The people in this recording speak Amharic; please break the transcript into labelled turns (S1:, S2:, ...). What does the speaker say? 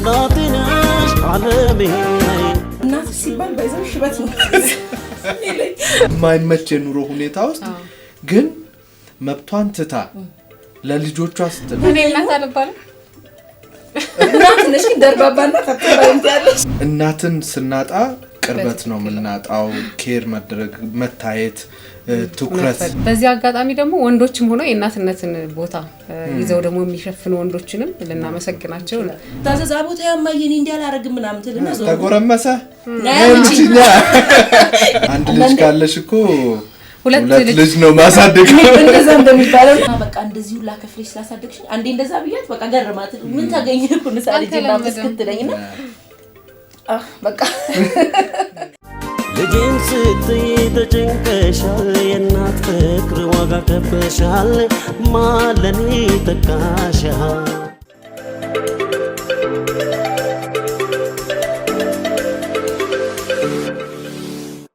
S1: እናቴ ነሽ አለሜ። እናት ሲባል ሽበት ነው
S2: የማይመች የኑሮ ሁኔታ ውስጥ ግን መብቷን ትታ ለልጆቿ ስትል
S3: እኔ እናት አልባልም።
S1: እናት ነሽ ደርባባ እናት አትባልም።
S2: እናትን ስናጣ ቅርበት ነው የምናጣው። ኬር መደረግ መታየት፣ ትኩረት።
S4: በዚህ አጋጣሚ ደግሞ ወንዶችም ሆነው የእናትነትን ቦታ ይዘው ደግሞ የሚሸፍኑ ወንዶችንም ልናመሰግናቸው
S1: ታዘዛ ቦታ ያማየን እንዲያላረግ ምናምን ትልና ተጎረመሰ ልችኛ
S2: አንድ ልጅ ካለሽ እኮ ሁለት ልጅ ነው ማሳደግ
S1: እንደዛ እንደሚባለው በቃ እንደዚህ ሁላ ከፍለሽ ስላሳደግሽ አንዴ እንደዛ ብያት በቃ ገርማት ምን ታገኘ ኩንሳ ልጅ ና ና በቃ ልጄን ስትይ ተጨንቀሻል፣ የእናት ፍቅር ዋጋ ከፈሻል፣ ማለኔ ተካሻል